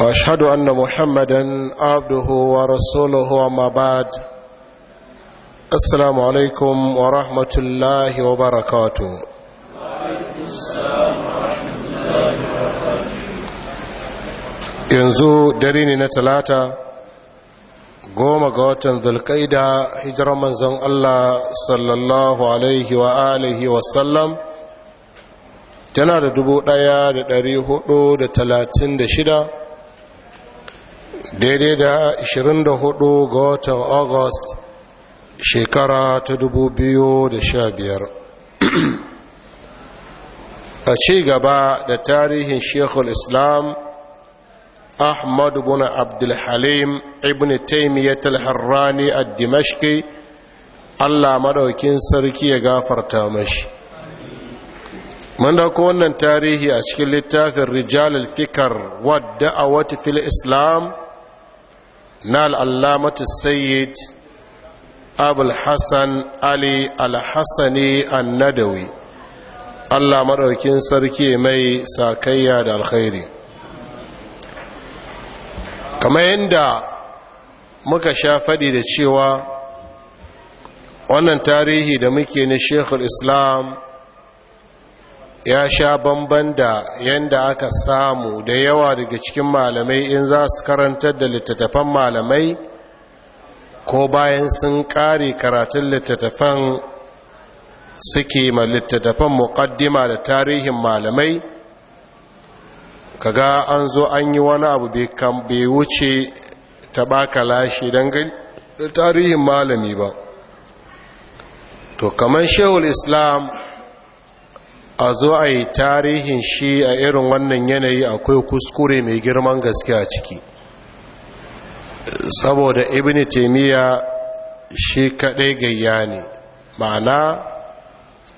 واشهد ان محمدا عبده ورسوله وما بعد السلام عليكم ورحمه الله وبركاته yanzu dare ne na talata goma ga watan zulkaida hijirar manzon allah sallallahu alaihi wa alihi tana da dubu ɗaya da dari hudu da talatin da shida daidai da 24 ga watan august shekara ta 2015 a ci gaba da tarihin shekul islam ahmad bin abdulhalim ibn taimiyyat al-harrani a dimashki allah madaukin sarki ya gafarta mashi mun dauko wannan tarihi a cikin littafin rijal fikar wadda a wata fil islam na al'allamatu sayyid abul hassan ali al-hassani annadawi allah maɗaukin sarki mai sakayya da alkhairi kamar yadda muka sha faɗi da cewa wannan tarihi da muke na shekul islam ya sha bamban da yadda aka samu da yawa daga cikin malamai in za su karantar da littattafan malamai ko bayan sun kare karatun littattafan suke ma littattafan muƙaddima da tarihin malamai kaga an zo an yi wani abu bai wuce ta baka lashe don tarihin malami ba to kamar shehul islam a zo a yi tarihin shi a irin wannan yanayi akwai kuskure mai girman gaske a ciki saboda ibn taimiyya shi kaɗai gayya ne ma'ana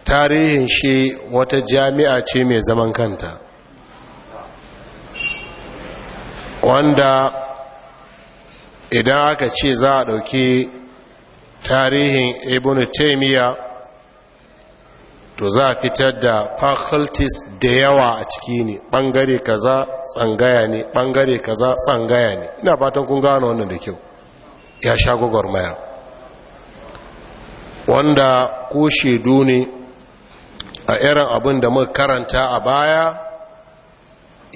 tarihin shi wata jami'a ce mai zaman kanta wanda idan aka ce za a ɗauki tarihin ibn taimiyya to za a fitar da faculties da yawa a ciki ne ɓangare kaza tsangaya ne ɓangare kaza tsangaya ne ina fatan kun gano wannan da kyau ya sha gwagwarmaya wanda ko shaidu ne a irin abin da muka karanta a baya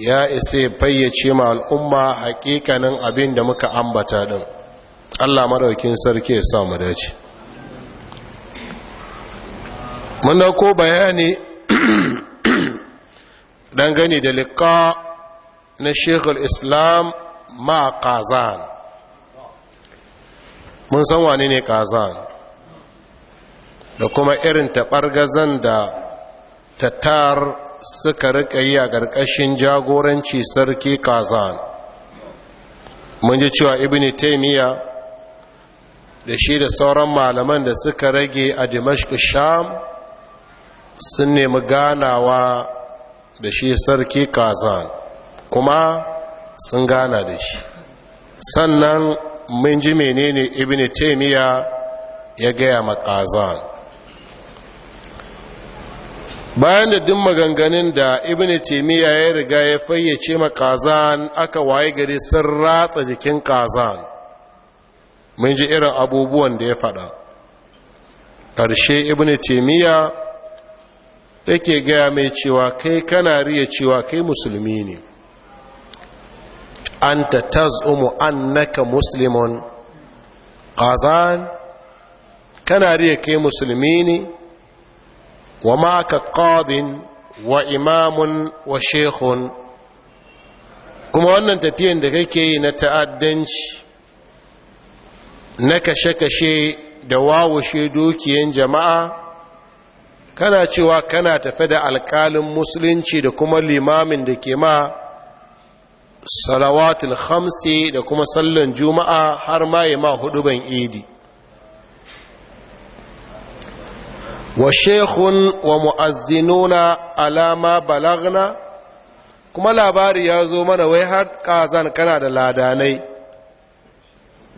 ya isa fayyace ma al'umma hakikanin abin da muka ambata din Allah maɗaukin sarki ya sa mu dace mun ko bayani dangane da liƙa na al islam ma kazan mun san wane ne kazan da kuma irin taɓargazan da tatar suka rika yi a ƙarƙashin jagoranci sarki kazan mun ji cewa ibn taimiyya da shi da sauran malaman da suka rage a dimashq sham sun nemi ganawa da shi sarki kazan kuma sun gana da shi sannan mun ji menene ibn taimiyya ya gaya ma bayan da duk maganganun da ibn taimiyya ya riga ya fayyace ma kazan aka waye gari sun ratsa jikin kazan mun ji irin abubuwan da ya faɗa ƙarshe ibn taimiyya yake gaya mai cewa kai kana riya cewa kai musulmi ne An ta tazumu annaka muslimun qazan kana riya kai musulmi ne wa ma ka qadin wa imamun wa shehun kuma wannan tafiyan da kake yi na ta'addanci na kashe-kashe da wawushe dukiyan jama'a kana cewa kana tafe da alƙalin musulunci da kuma limamin da ke ma salawatul hamsi da kuma sallan juma'a har ma yi ma hudu ban idi wa shekun wa mu'azzinuna alama balagna kuma labari ya zo mana wai har kazan kana da ladanai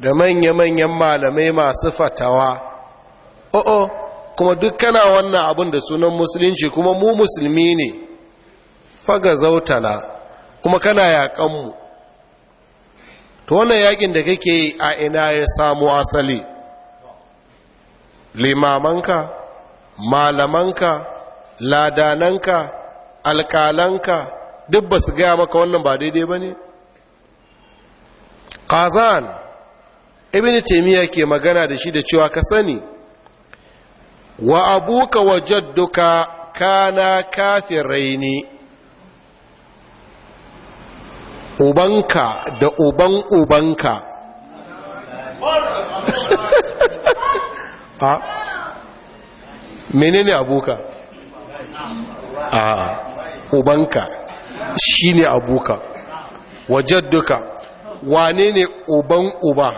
da manya-manyan malamai masu fatawa o'o oh, oh, kuma duk kana wannan abin da sunan musulunci kuma mu musulmi ne faga zautala kuma kana yaƙanmu to wannan yaƙin da kake a ina ya samu asali limamanka malamanka ladananka alƙalanka duk ba su gaya maka wannan ba daidai ba ne ƙazan ibini taimiyya ke magana da shi da cewa ka sani wa abuka wa jadduka kana kafiraini ubanka da uban ubanka a menene abuka a ubanka shine abuka wa jadduka wane ne uban uba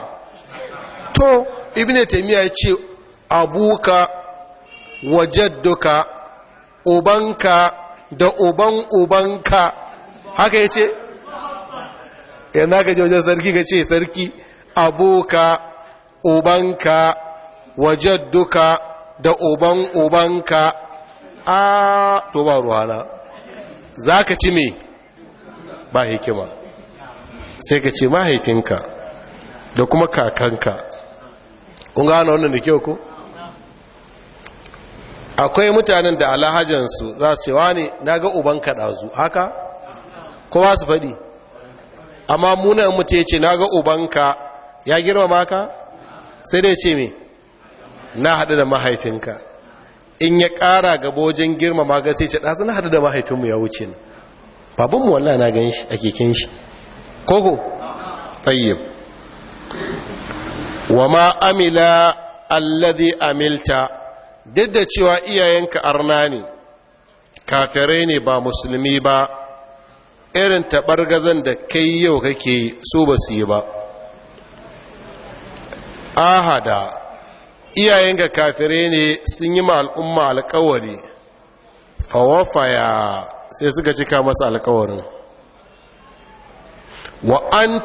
to ibn taymiya ya ce abuka wajadduka ubanka da uban ubanka haka ya ce yana ka wajen sarki ka ce sarki aboka ubanka wajadduka da uban ubanka a to ba ruwana za ci me ba hikima sai ka ce mahaifinka da kuma kakanka kun gane wannan da kyau ko akwai mutanen da alhajansu za su cewa ne na ga uban kaɗazu haka kowa su faɗi amma munan mutu ya ce na ga ubanka ya girmama ka sai dai ce me na haɗu da mahaifinka in ya ƙara gabojin girmama ga sai ce ɗazu na haɗu da mahaifinmu ya wuce ne babanmu wallah na gan shi a keken shi koko tsayyib wa ma amila alladhi amilta duk da cewa iyayenka arna ne kafirai ne ba musulmi ba irin taɓargazan da kai yau kake so ba su yi ba ahada iyayenka kafirai ne sun yi ma alkawari fawafaya sai suka cika masa alkawarin wa an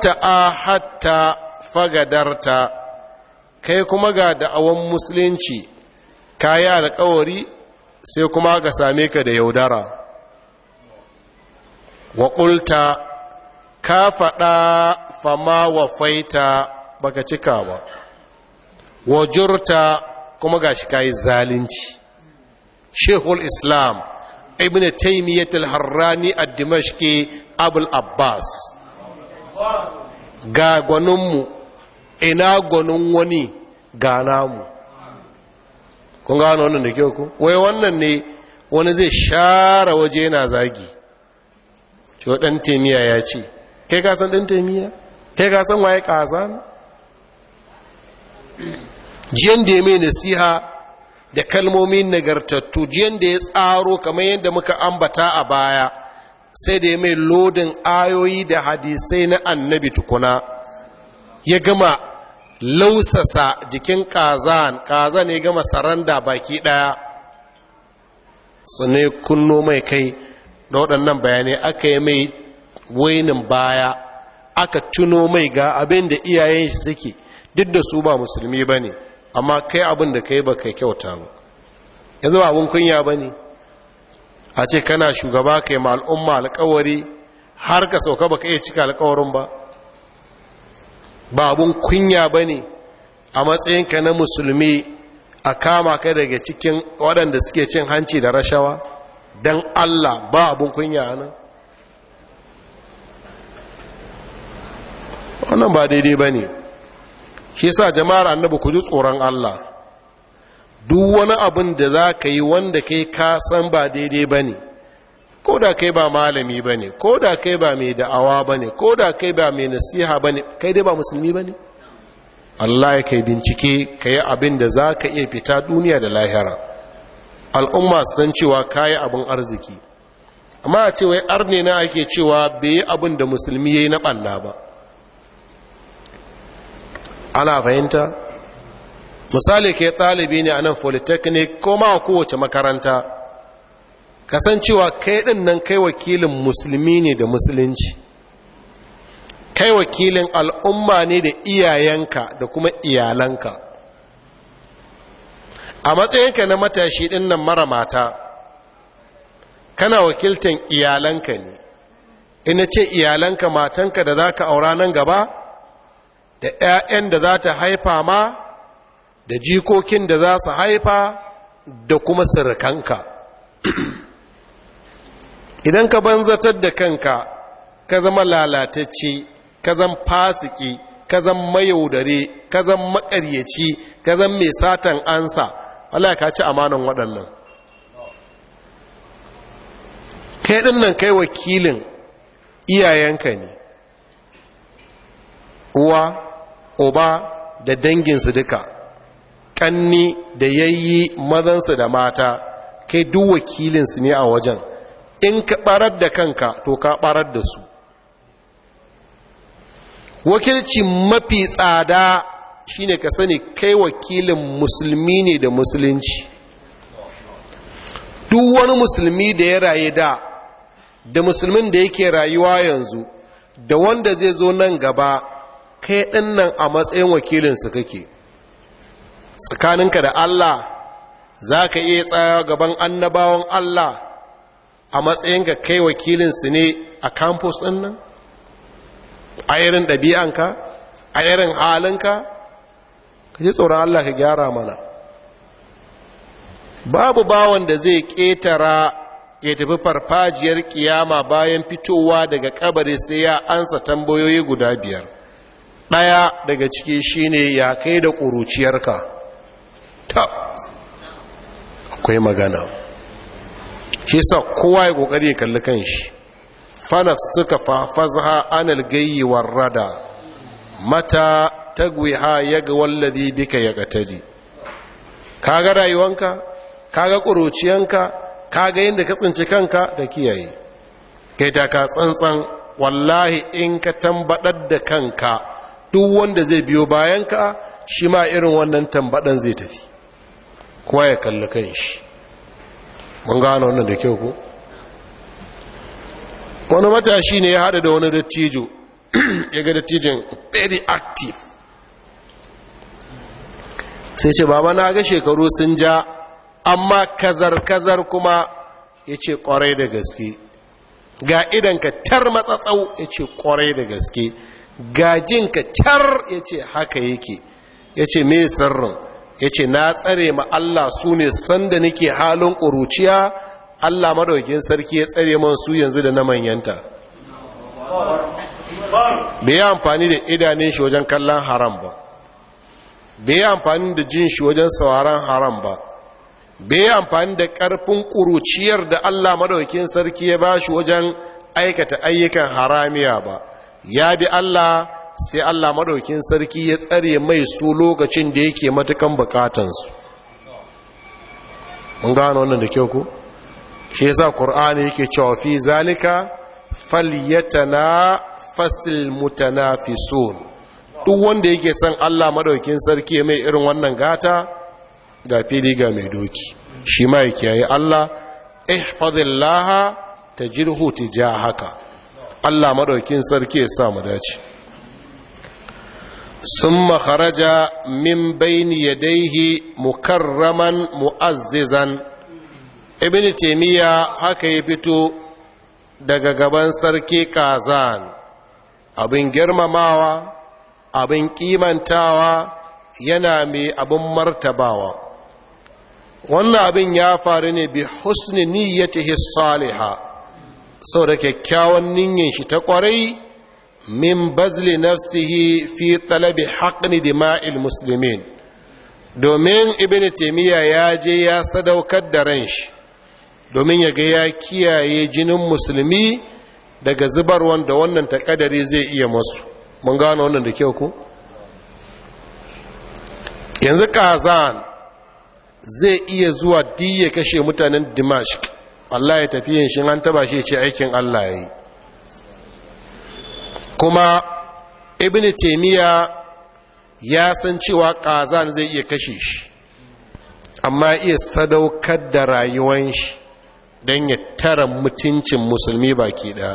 hatta fagadarta kai kuma ga da'awan musulunci kayi alkawari sai kuma ka same ka da yaudara wa ƙulta ka faɗa fama wa faita baka cika ba wa jurta kuma gashi kayi zalunci shehul islam ibn taimiyyat al-harrani ad-dimashqi abul abbas ga gwaninmu ina gwanin wani ga namu kun wani wannan da kyau ku wai wannan ne wani zai share waje yana zagi cewa ɗan taimiya ya ce kai kasan ɗan taimiya kai kasan waye ƙasa jiyan da ya mai nasiha da kalmomin nagartattu jiyan da ya tsaro kamar yadda muka ambata a baya sai da ya mai lodin ayoyi da hadisai na annabi tukuna ya gama lausasa jikin kazan kazan ya gama saranda baki daya ne kunno mai kai da waɗannan bayanai aka yi mai wainin baya aka tuno mai ga abin da iyayen shi suke duk da su ba musulmi ba ne amma kai abin da kai ba kai kyauta ba ya zama abin kunya ba ne a ce kana shugaba kai ma al'umma alkawari har ka sauka ba ka iya cika alkawarin ba ba abun kunya ba ne a matsayinka na musulmi a kama ka daga cikin waɗanda suke cin hanci da rashawa don allah ba abun kunya nan wannan ba daidai ba ne shi sa jama'ar annabi ku ji tsoron allah duk wani abin da za ka yi wanda kai ka san ba daidai ba ne ko da kai ba malami ba ne ko da kai ba mai da'awa ba ne ko da kai ba mai nasiha ba ne kai dai ba musulmi ba ne allah ya kai bincike ka yi abin da za ka iya fita duniya da lahira al'umma san cewa ka yi abin arziki amma a ce wai arne na ake cewa bai yi abin da musulmi ya yi na ɓanna ba ana fahimta misali kai ɗalibi ne a nan polytechnic ko ma kowace makaranta kasancewa kai ɗin nan kai wakilin musulmi ne da musulunci kai wakilin al'umma ne da iyayenka da kuma iyalanka a matsayinka na matashi ɗin nan mara mata kana wakiltan iyalanka ne ina ce iyalanka matanka da za ka aura nan gaba da 'ya'yan da za ta haifa ma da jikokin da za su haifa da kuma sirrikanka idan ka banzatar da kanka ka zama lalatacce ka zan fasiki ka zan mayaudare ka zan makaryaci ka zan mai satan ansa Allah ka ci amanan waɗannan kai ɗin nan kai wakilin iyayenka ne uwa uba da danginsu duka ƙanni da yayyi mazansu da mata kai duk wakilinsu ne a wajen in ka barar da kanka to ka barar da su wakilci mafi tsada shine ka sani kai wakilin musulmi ne da musulunci duk wani musulmi da ya raye da da musulmin da yake rayuwa yanzu da wanda zai zo nan gaba kai ɗin nan a matsayin wakilinsu kake tsakaninka da allah za ka iya tsaya gaban annabawan allah a matsayin ga kai wakilinsu ne a campus ɗin nan a irin ɗabi'anka a irin halinka ka ji tsoron allah ka gyara mana babu bawan da zai ƙetara ya tafi farfajiyar ƙiyama bayan fitowa daga kabari sai ya ansa tambayoyi guda biyar ɗaya daga ciki shine ya kai da ƙuruciyarka ta akwai magana shi sa kowa ya kokari ya kalli kanshi fanak suka fafazha anal gayyi warrada mata tagwiha yaga wallazi bika yaga tadi kaga rayuwanka kaga kuruciyanka kaga yadda ka tsinci kanka ka kiyaye kai ta ka tsantsan wallahi in ka tambadar da kanka duk wanda zai biyo bayanka shi ma irin wannan tambadan zai tafi kowa ya kalli kanshi mun gano wannan da kyau ko wani matashi ne ya hada da wani dattijo ya ga dattijin very active sai ce baba na ga shekaru sun ja amma kazar-kazar kuma ya ce kwarai da gaske ga idanka tar matsatsau ya ce kwarai da gaske gajinka car ya ce haka yake ya ce me sirrin ya ce na tsare ma Allah su ne sanda nake halin ƙuruciya Allah madaukin sarki ya tsare man su yanzu da na manyanta bai yi amfani da idanun shi wajen kallon haram ba bai yi amfani da jin shi wajen sauraron haram ba bai yi amfani da ƙarfin ƙuruciyar da Allah madaukin sarki ya ba shi wajen aikata ayyukan haramiya ba ya bi Allah sai Allah madaukin sarki ya tsare mai su lokacin da yake matukan bukatansu mun gano wannan da kyau ku shi yasa qur'ani yake cewa fi zalika falyatana fasil mutanafisun duk wanda yake son Allah madaukin sarki mai irin wannan gata ga fili ga mai doki shi ma yake yayi Allah ihfazillaha tajirhu tijahaka Allah madaukin sarki ya sa mu dace ثم خرج من بين يديه مكرما مؤززا ابن تيمية haka ya fito daga gaban sarki kazan abin girmamawa abin kimantawa yana mai abin martabawa wannan abin ya faru ne bi husni niyyatihi salihah sau da kyakkyawan ninyin shi ta kwarai min bazli nafsihi fi talabi haƙni dima'il musulmin domin ibn taimiyya ya je ya sadaukar da ran shi domin ya ga ya kiyaye jinin musulmi daga zubar wanda wannan takadari zai iya masu mun gano wannan da kyau ku yanzu kazan zai iya zuwa diya kashe mutanen dimashq Allah ya tafi shi an taba shi ce aikin Allah ya yi kuma ibn taymiya ya san cewa qazan zai iya kashe shi amma iya sadaukar da rayuwar shi don ya tara mutuncin musulmi baki da.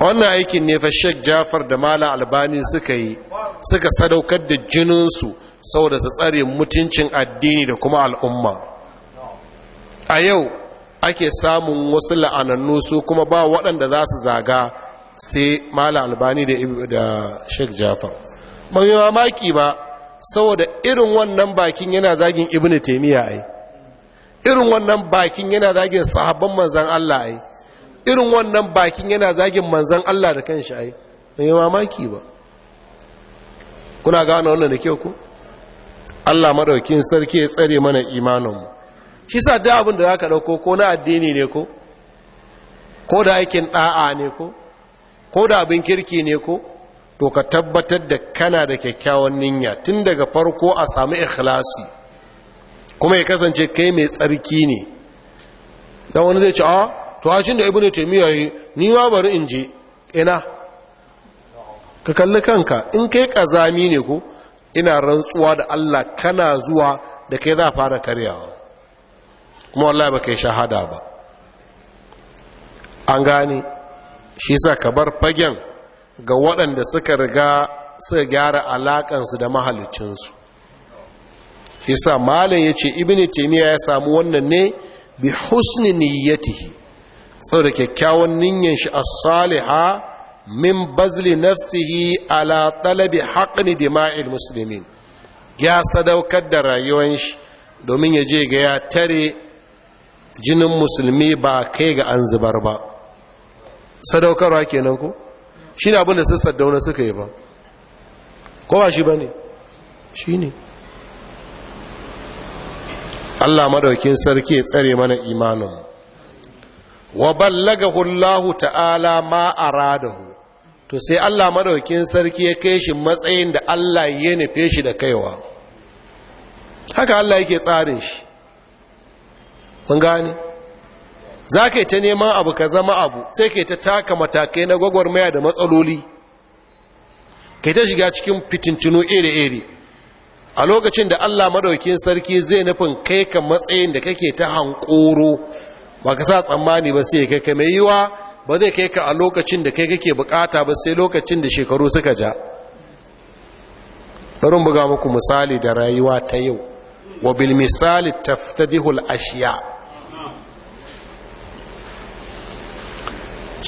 wannan aikin ne fa sheikh jafar da mala albani suka yi suka sadaukar da jininsu saboda su tsare mutuncin addini da kuma al'umma a yau ake samun wasu la'anannu su kuma ba waɗanda za su zaga sai mala albani da sheikh jafar ba mai mamaki ba saboda irin wannan bakin yana zagin ibn taimiyya ai irin wannan bakin yana zagin sahabban manzan allah ai irin wannan bakin yana zagin manzan allah da kanshi ai mai mamaki ba kuna gano wannan da kyau ku allah maɗaukin sarki ya tsare mana imaninmu shi sa da abin da za ka ɗauko ko na addini ne ko ko da aikin ɗa'a ne ko ko da abin kirki ne ko to ka tabbatar da kana da kyakkyawan niyya tun daga farko a sami ikhlasi kuma ya kasance kai mai tsarki ne dan wani zai ci a ah, to a hashin da ibnu taymiya yi ni ma bari in je ina ka kalli kanka in kai kazami ne ko ina rantsuwa da Allah kana zuwa da kai za fara karyawa kuma wallahi ba kai shahada ba an gane shi sa ka bar fagen ga waɗanda suka riga suka gyara alaƙansu da mahalicinsu shi sa malin ya ce ibini taimiyya ya samu wannan ne bi husni niyyatihi da kyakkyawan niyyar shi a saliha min bazli nafsihi ala talabi haƙni dima'il musulmin ya sadaukar da rayuwan shi domin ya je ga ya tare jinin musulmi ba kai ga an zubar ba sadaukarwa kenan ko shi ne abinda sun saddauna suka yi ba kowa shi ba ne shi ne allah madaukin sarki ya tsare mana imanin wa ballaga hullahu ta'ala ma a aradahu to sai allah madaukin sarki ya kai shi matsayin da allah ya nufe shi da kaiwa haka allah yake tsarin shi mun gane za ka yi ta neman abu ka zama abu sai ka yi ta taka matakai na gwagwarmaya da matsaloli ka yi ta shiga cikin fitintunu iri-iri a lokacin da allah madaukin sarki zai nufin kai ka matsayin da kake ta hankoro ba ka sa tsammani ba sai kai ka mai yiwa ba zai kai ka a lokacin da kai kake bukata ba sai lokacin da shekaru suka ja buga muku misali da rayuwa ta yau wa bil misali taftadihul ashiya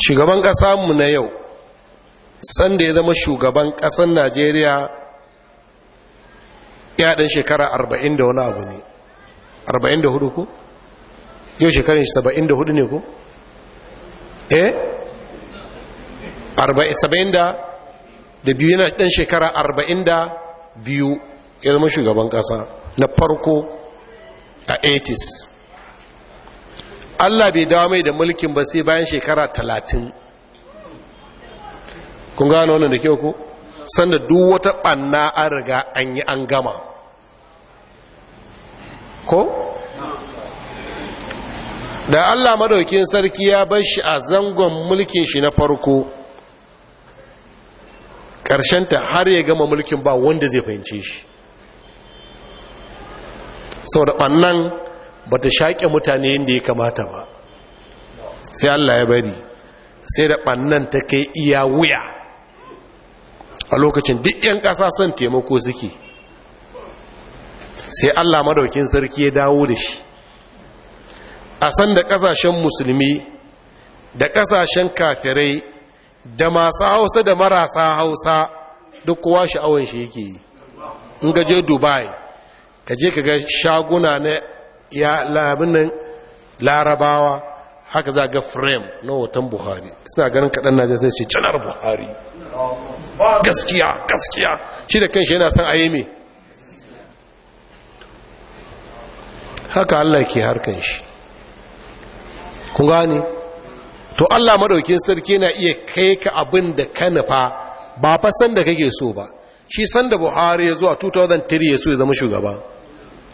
shugaban ƙasa mu na yau sanda ya zama shugaban ƙasar najeriya ya ɗan shekara arba'in da wani abu ne arba'in da hudu yau shekarun 74 da hudu ne ku? eh saba'in da biyu yana ɗan shekara arba'in da biyu ya zama shugaban ƙasa na farko a 80s Allah bai dawo mai da mulkin ba sai bayan shekara talatin kun gano wannan da kyau ku? sanda duk wata ɓanna an riga an yi an gama ko da Allah madaukin sarki ya bar shi a zangon mulkin shi na farko ta har ya gama mulkin ba wanda zai fahimci shi sau da ɓannan ba ta shaƙe mutane yadda ya kamata ba sai allah ya bari sai da ɓannan ta kai iya wuya a lokacin duk 'yan ƙasa son taimako suke sai allah madaukin sarki ya dawo da shi a san da ƙasashen musulmi da ƙasashen kafirai da masu hausa da marasa hausa duk kowa sha'awar shi yake yi in gaje dubai ka je ka ga shaguna na ya labinan larabawa haka za ga frame na hoton buhari suna ganin kaɗan na zai ce canar buhari gaskiya gaskiya shi da kanshi yana son ayyami haka allah ke harkan shi kun gani to allah madaukin sarki na iya kai ka abin da ka nufa ba fa sanda da kake so ba shi sanda buhari ya zuwa 2003 ya so ya zama shugaba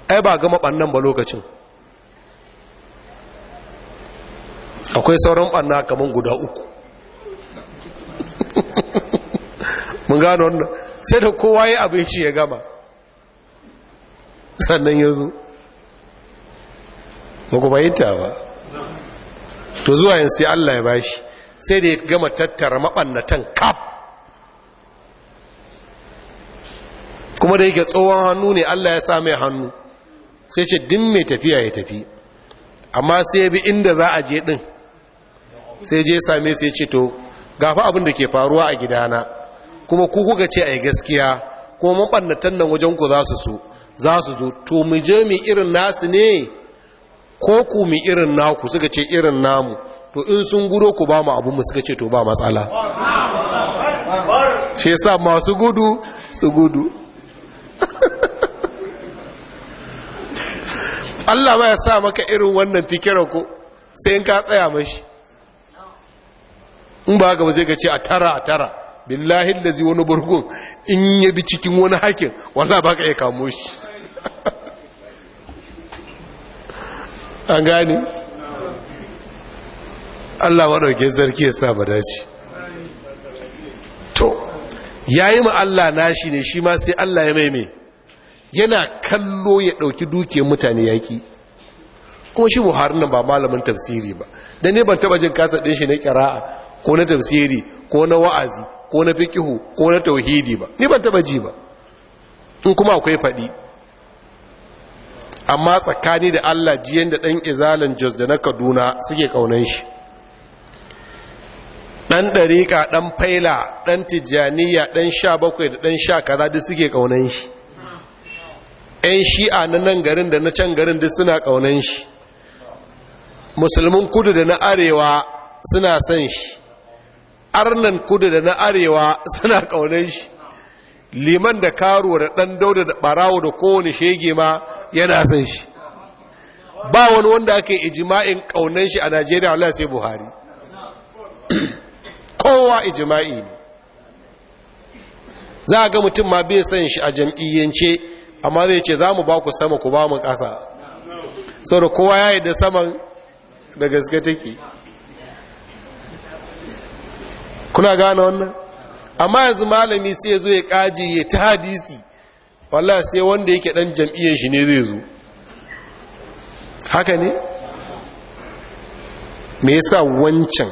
ai ba gama ɓannan ba lokacin akwai sauran ɓanna kamar guda uku mun gano wannan sai da kowa ya abin shi ya gama sannan ya zo muku ba to zuwa yin sai allah ya bashi sai da ya gama tattara maɓannatan kaf kuma da yake tsohon hannu ne allah ya sa hannu sai ce din mai tafiya ya tafi amma sai bi inda za a je din sai je same sai ce to gafa abin da ke faruwa a gidana kuma ku kuka ce a gaskiya kuma mabannatan nan wajen ku za su so za su zo to mu je mu irin nasu ne ko ku mu irin naku suka ce irin namu to in sun gudo ku ba mu abin mu suka ce to ba matsala shi yasa masu gudu su gudu Allah ba ya sa maka irin wannan fikirar ko sai in ka tsaya mashi in ba gaba ba sai ka ce a tara a tara billahi da zai wani burgun in ya bi cikin wani hakin wallah ba ka iya kamo shi an gane Allah waɗauke sarki ya sa ba dace to yi ma Allah nashi ne shi ma sai Allah ya maimai yana kallo ya ɗauki dukiyar mutane yaƙi kuma shi buhari nan ba malamin tafsiri ba da ne ban taɓa jin kasa ɗin shi na ƙira'a ko na tafsiri ko na wa'azi ko na fikihu ko na tauhidi ba ni ban taɓa ji ba in kuma akwai faɗi amma tsakani da Allah jiyan da ɗan izalan jos da na kaduna suke ƙaunan shi ɗan ɗariƙa ɗan faila ɗan tijjaniya ɗan sha bakwai da ɗan sha kaza duk suke ƙaunan shi 'yan shi'a na nan garin da na can garin duk suna ƙaunan shi musulmin kudu da na arewa suna son shi arnan kudu da na arewa suna ƙaunan shi liman da karuwa da ɗan dauda da ɓarawo da kowane shege ma yana son shi ba wani wanda ake ijima'in ƙaunan shi a najeriya wala sai buhari kowa ijima'i ne za a ga mutum ma bai son shi a jam'iyyance amma zai ce za mu ba ku sama ku ba mu ƙasa sau da kowa ya yi da saman da gaske take kuna gane wannan amma yanzu malami sai zo ya kaji ya ta hadisi wallah sai wanda yake dan jam'iyyar shi ne zai zo haka ne me yasa wancan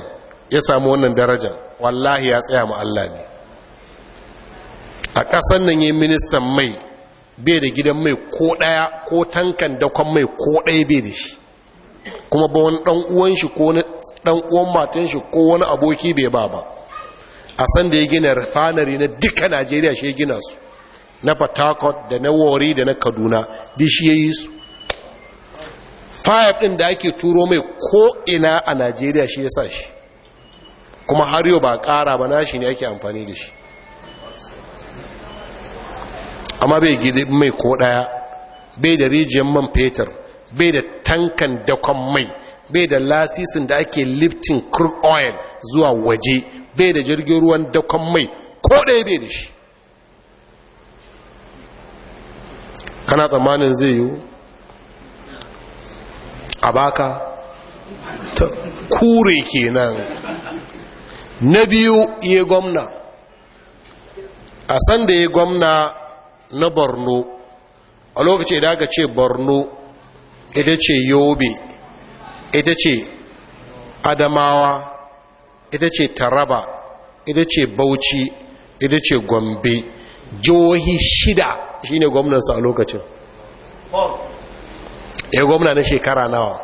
ya samu wannan darajar wallahi ya tsaya mu Allah ne a ƙasar nan yayin ministan mai bai da gidan mai ko ɗaya ko tankan dakon mai ko ɗaya bai da shi kuma ba wani ɗan shi ko wani ɗan’uwan matan shi ko wani aboki bai ba ba a san da ya gina refinery na duka najeriya shi ya gina su na port da na wari da na kaduna duk shi ya yi su fayaf ɗin da ake turo mai ko ina a najeriya shi ya sa shi kuma har yau ba ƙara ba na shi ne ake amfani da shi amma bai gidi mai ko ɗaya bai da rijiyar man fetur bai da tankan dakon mai bai da lasisin da ake liftin crude oil zuwa waje bai da jirgin ruwan dakon mai ko ɗaya bai da shi kana tsammanin zai yi a baka ta kure kenan na biyu iya gwamna a sanda ya gwamna na borno a lokaci da aka ce borno ita ce yobe ita ce adamawa ita ce taraba ita ce bauchi ita ce gombe jihohi shida shine gwamnansa a lokacin ya eh, gwamna na shekara nawa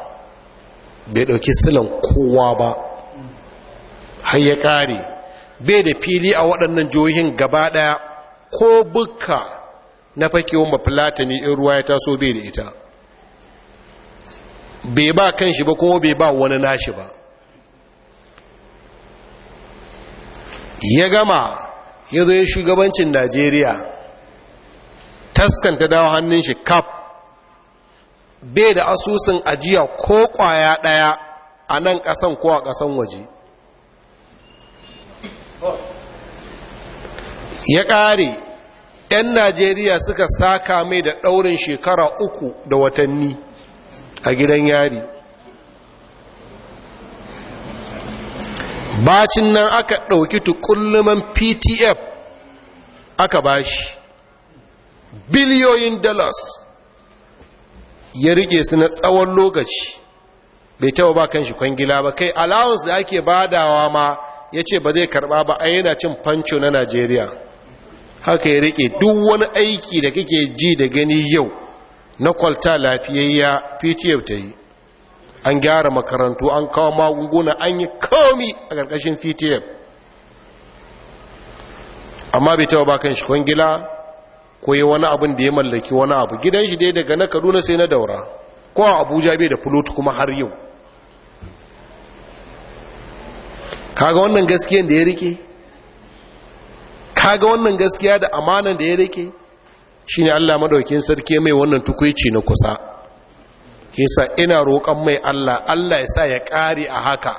bai dauki silan kowa ba har ya kare bai da fili a waɗannan jihohin gaba ɗaya ko bukka na fakewa ne in ruwa ya taso bai da ita bai ba kan shi ba kuma bai ba wani nashi ba ya gama ya zo ya shugabancin najeriya taskanta dawo hannun shi kaf bai da asusun ajiya ko kwaya daya a nan kasan ko a kasan waje ya kare 'yan najeriya suka saka mai da ɗaurin shekara uku da watanni a gidan yari bacin nan aka ɗauki tukulluman ptf aka bashi biliyoyin dollars ya rike su na tsawon lokaci bai taba ba kan shi kwangila ba kai allowance da ake badawa ma ya ce ba zai karɓa ba a yana cin fanco na najeriya haka ya rike duk wani aiki da kake ji da gani yau na kwalta lafiyayya ptf ta yi an gyara makarantu an kawo magunguna an yi komi a ƙarƙashin ptf amma bai taba ba kan shi kwangila ko yi wani abin da ya mallaki wani abu gidan shi dai daga na kaduna sai na daura ko a abuja bai da fulot kuma har yau kaga wannan gaskiyan da ya rike kaga wannan gaskiya da amanan da ya rike shine Allah madaukin sarki mai wannan tukuici na kusa yasa ina roƙon mai Allah Allah ya sa ya ƙare a haka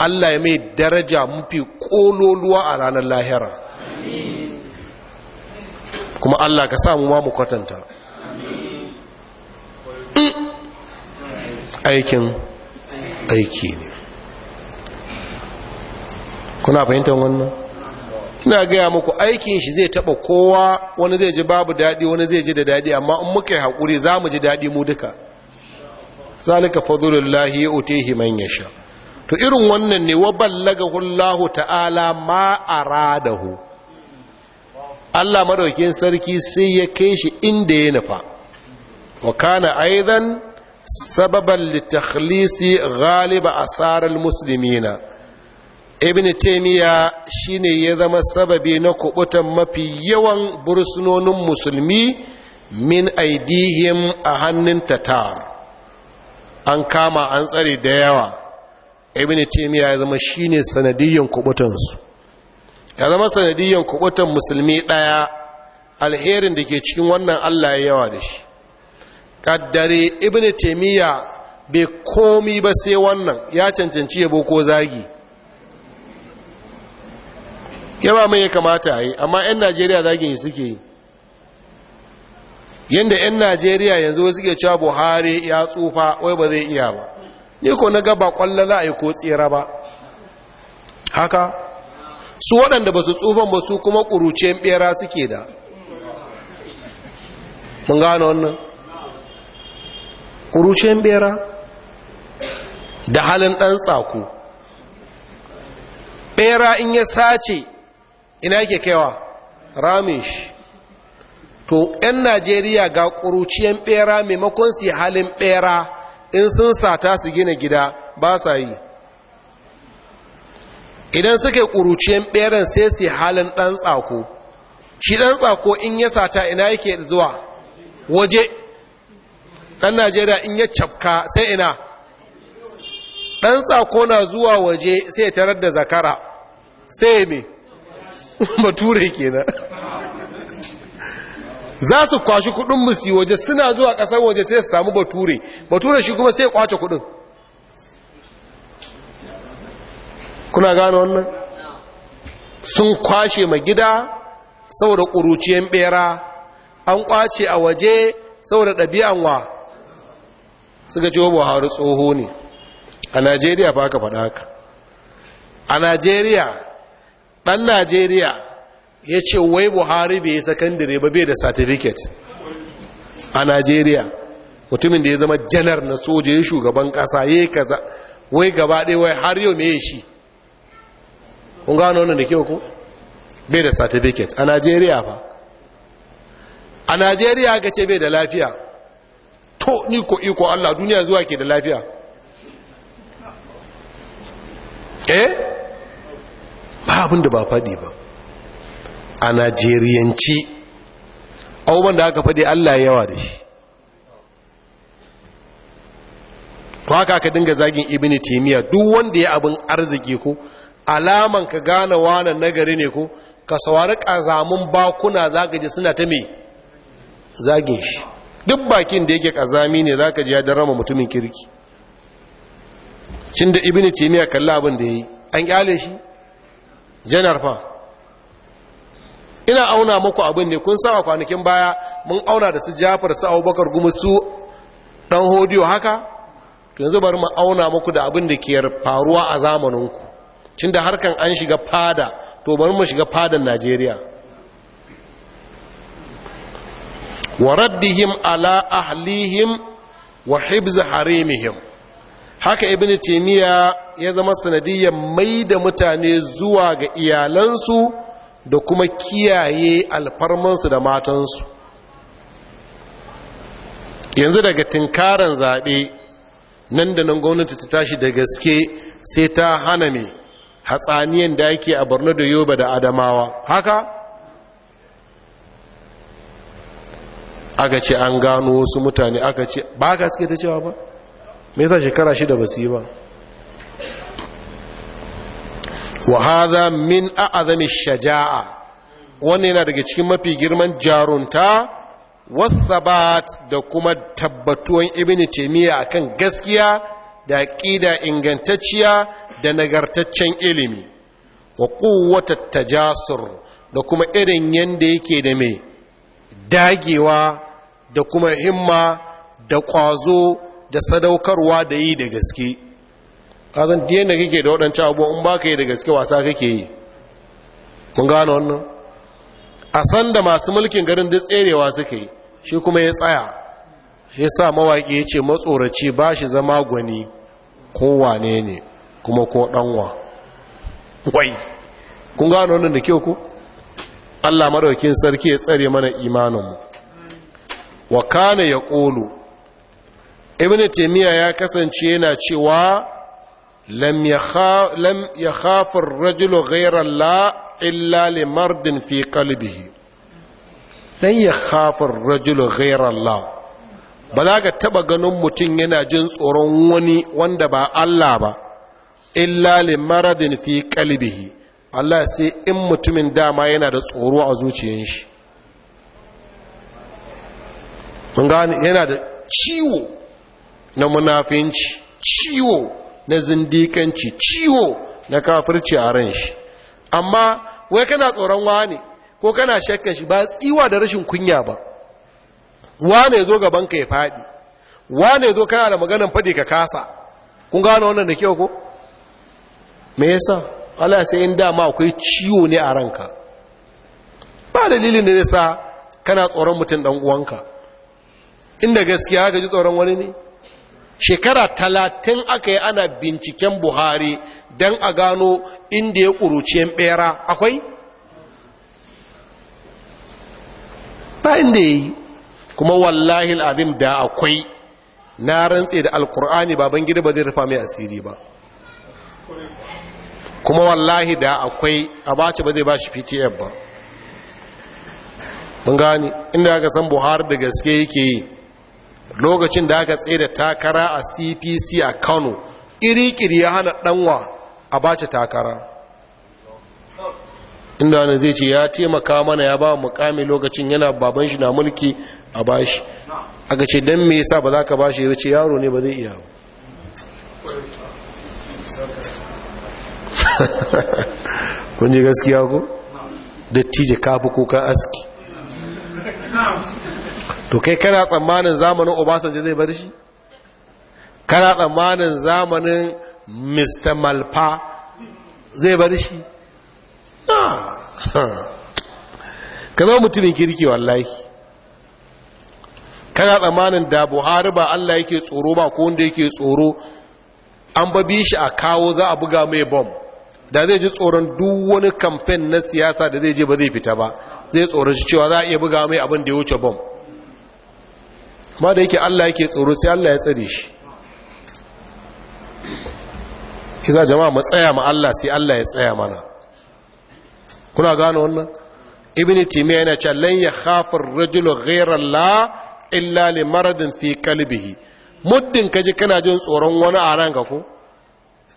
Allah ya mai daraja mafi ƙololuwa a ranar lahira kuma Allah ka samu ma mu kwatanta mm. aikin aiki ne kuna fahimtar wannan ina gaya muku aikin shi zai taba kowa wani zai ji babu daɗi wani zai ji da daɗi amma in muka yi haƙuri za mu ji daɗi mu duka zalika fadlullahi ya utehi man yasha to irin wannan ne wa Hullahu ta'ala ma aradahu Allah madaukin sarki sai ya kai shi inda ya nufa wa kana aidan sababan litakhlisi ghaliba asarar musulmina. ibn taimiyya shine ya zama sababi na kubutan mafi yawan bursunonin musulmi min aidihim a hannun tatar an kama an tsare da yawa ibn taimiyya ya zama shine sanadiyyan kubutansu ya zama sanadiyyan kubutan musulmi ɗaya alherin da ke cikin wannan allah ya yawa da shi kaddare ibn taimiyya bai komi ba sai wannan ya cancanci yabo ko zagi yawa mai ya kamata a yi amma 'yan najeriya zagin yi suke yi yadda 'yan najeriya yanzu wasu ke cewa buhari ya tsufa wai ba zai iya ba ni ko na gaba kwallo za a yi ko tsira ba haka su waɗanda ba su tsufan ba su kuma ƙuruce ɓera suke da mun gano wannan ƙuruce ɓera da halin ɗan tsaku ɓera in ya sace ina yake kaiwa ramin shi to 'yan najeriya ga ƙuruciyan ɓera maimakon su halin ɓera in sun sata su gina gida ba sa yi idan suke yi ƙuruciyan ɓeran sai su halin ɗan tsako shi ɗan tsako in ya sata ina yake zuwa waje ɗan najeriya in ya cafka sai ina ɗan tsako na zuwa waje sai tarar da zakara sai mai bature kenan za su kwashi kudin musi waje suna zuwa kasar waje sai su samu bature bature shi kuma sai kwace kudin kuna gano wannan sun kwashe ma gida saboda ƙuruciyen bera an kwace a waje saboda ɗabi'an wa suka ce buhari tsoho ne a najeriya ba ka faɗa haka a najeriya ɗan najeriya ya ce wai buhari bai yi sakandare ba bai da certificate a najeriya mutumin da ya zama janar na soja ya shugaban ƙasa ya yi kaza wai gaba ɗaya wai har yau me shi kun gano wannan da kyau ku bai da certificate a najeriya ba. a najeriya ga ce bai da lafiya to ni ko iko allah duniya zuwa ke da lafiya eh ba abin da ba faɗi ba a najeriyanci abubuwan da aka faɗi allah yawa da shi ko haka aka dinga zagin ibini taimiyya duk wanda ya abin arziki ko alaman ka gane wanan nagari ne ko ka saurari bakuna za ka ji suna ta mai zagin shi duk bakin da yake ƙazami ne za ka ji ya darama mutumin kirki Cinda da ibini taimiyya kalla abin da ya yi an ƙyale shi janar fa ina auna muku abin ne kun sawa kwanakin baya mun auna da su jafar su abubakar gumi su dan hodiyo haka to yanzu bari mu auna muku da abin da ke faruwa a zamaninku cin da harkan an shiga fada to bari mu shiga fadan najeriya wa raddihim ala ahlihim wa hibz harimihim haka ibn taymiya ya zama sanadiyar mai da mutane zuwa ga iyalansu da kuma kiyaye alfarmansu da matansu yanzu daga tinkaran zaɓe nan da nan gwamnati ta tashi da gaske sai ta hana mai hatsaniyan da ake a borno da yoba da adamawa haka aka ce an gano wasu mutane aka ce ba ka suke ta cewa ba me yasa shekara shida ba su yi ba wa hadha min a'zami shaja'a wannan yana daga cikin mafi girman jarunta wasabat da kuma tabbatuwan ibn a akan gaskiya da ƙida ingantacciya da nagartaccen ilimi wa quwwata tajasur da kuma irin yanda yake da mai dagewa da kuma himma da ƙwazo da sadaukarwa da yi da gaske ka zan diyan da kake da waɗancan abubuwan in ba ka yi da gaske wasa kake yi mun gano wannan a san masu mulkin garin duk tserewa suka yi shi kuma ya tsaya ya sa mawaƙi ya ce matsoraci ba shi zama gwani wane ne kuma ko ɗanwa wai kun gano wannan da kyau ku allah maraukin sarki ya tsare mana imaninmu wa kane ya ƙolo ibn taimiyya ya kasance yana cewa lam ya khafin rajulu ghairar la illa li mardin fi kalbihi lan ya khafin rajulu ghairar la ba za ka taɓa ganin mutum yana jin tsoron wani wanda ba Allah ba illa li maradin fi kalbihi Allah sai in mutumin dama yana da tsoro a zuciyar shi mun gane yana da ciwo na munafinci ciwo na zindikanci ciwo na kafirci a ran shi amma wai kana tsoron wane ko kana shakkan shi ba tsiwa da rashin kunya ba wane zo gaban ka ya faɗi wane zo kana da maganan faɗi ka kasa kun gano wannan da kyau ko me yasa Allah sai in dama akwai ciwo ne a ranka ba dalilin da zai sa kana tsoron mutum dan uwanka inda gaskiya ka ji tsoron wani ne shekara talatin aka yi ana binciken buhari don a gano inda ya ƙuruce ɓera akwai? ba inda ya yi kuma wallahi al'adun da akwai na rantse da alkur'ani baban gida ba zai rufa mai asiri ba kuma wallahi da akwai bace ba zai ba shi ptf ba mun gani inda aka san buhari da gaske yake yi lokacin da aka tsaye da takara a cpc a kano iri-kiri ya hana ɗanwa a bace takara inda wani zai ce ya taimaka mana ya ba mukami lokacin yana baban shi na mulki a bashi aka ce don me yasa ba za ka bashi ya ce yaro ne ba zai iya kun ji gaskiya ku dattijo kafi kuka aski to kai kana tsammanin zamanin obasanjo zai bar shi kana tsammanin zamanin mr malfa zai bar shi ka zama mutumin kirki wallahi kana tsammanin da buhari ba allah yake tsoro ba ko wanda yake tsoro an babi shi a kawo za a buga mai bom da zai ji tsoron duk wani kamfen na siyasa da zai je ba zai fita ba zai tsoron shi cewa za a iya buga mai abin da ya wuce bom ma da yake Allah yake tsoro sai Allah ya tsare shi kisa jama'a mu tsaya ma Allah sai Allah ya tsaya mana kuna gano wannan ibn timiya yana cewa lan ya khafa ar-rajulu ghayra Allah illa li maradin fi qalbihi muddin kaji kana jin tsoron wani a ranka ko